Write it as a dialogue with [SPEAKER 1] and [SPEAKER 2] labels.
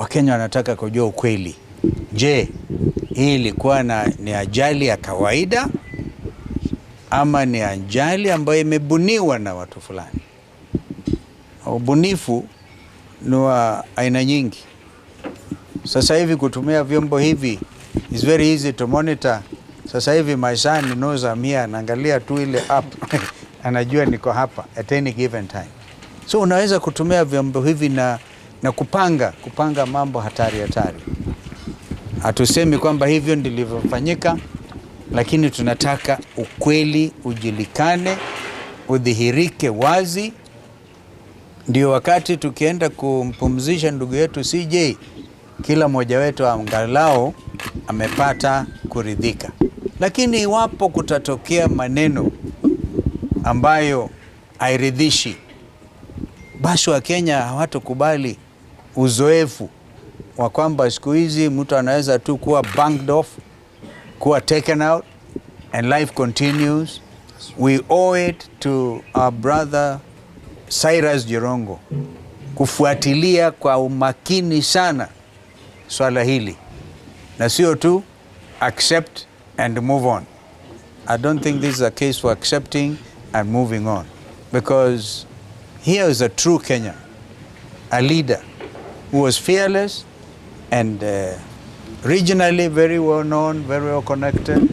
[SPEAKER 1] Wakenya wanataka kujua ukweli. Je, hii ilikuwa na, ni ajali ya kawaida ama ni ajali ambayo imebuniwa na watu fulani? Ubunifu ni wa aina nyingi. Sasa hivi kutumia vyombo hivi is very easy to monitor. Sasa hivi my son knows I'm here, anaangalia tu ile app anajua niko hapa at any given time. So unaweza kutumia vyombo hivi na na kupanga kupanga mambo hatari hatari. Hatusemi kwamba hivyo ndilivyofanyika, lakini tunataka ukweli ujulikane, udhihirike wazi. Ndio wakati tukienda kumpumzisha ndugu yetu CJ, kila mmoja wetu angalau amepata kuridhika. Lakini iwapo kutatokea maneno ambayo hairidhishi, basi Wakenya hawatakubali uzoefu wa kwamba siku hizi mtu anaweza tu kuwa banked off, kuwa taken out and life continues. We owe it to our brother Cyrus Jirongo kufuatilia kwa umakini sana swala hili na sio tu accept and move on. I don't think this is a case for accepting and moving on because here is a true Kenya, a leader who was fearless and uh, regionally very well known, very well connected.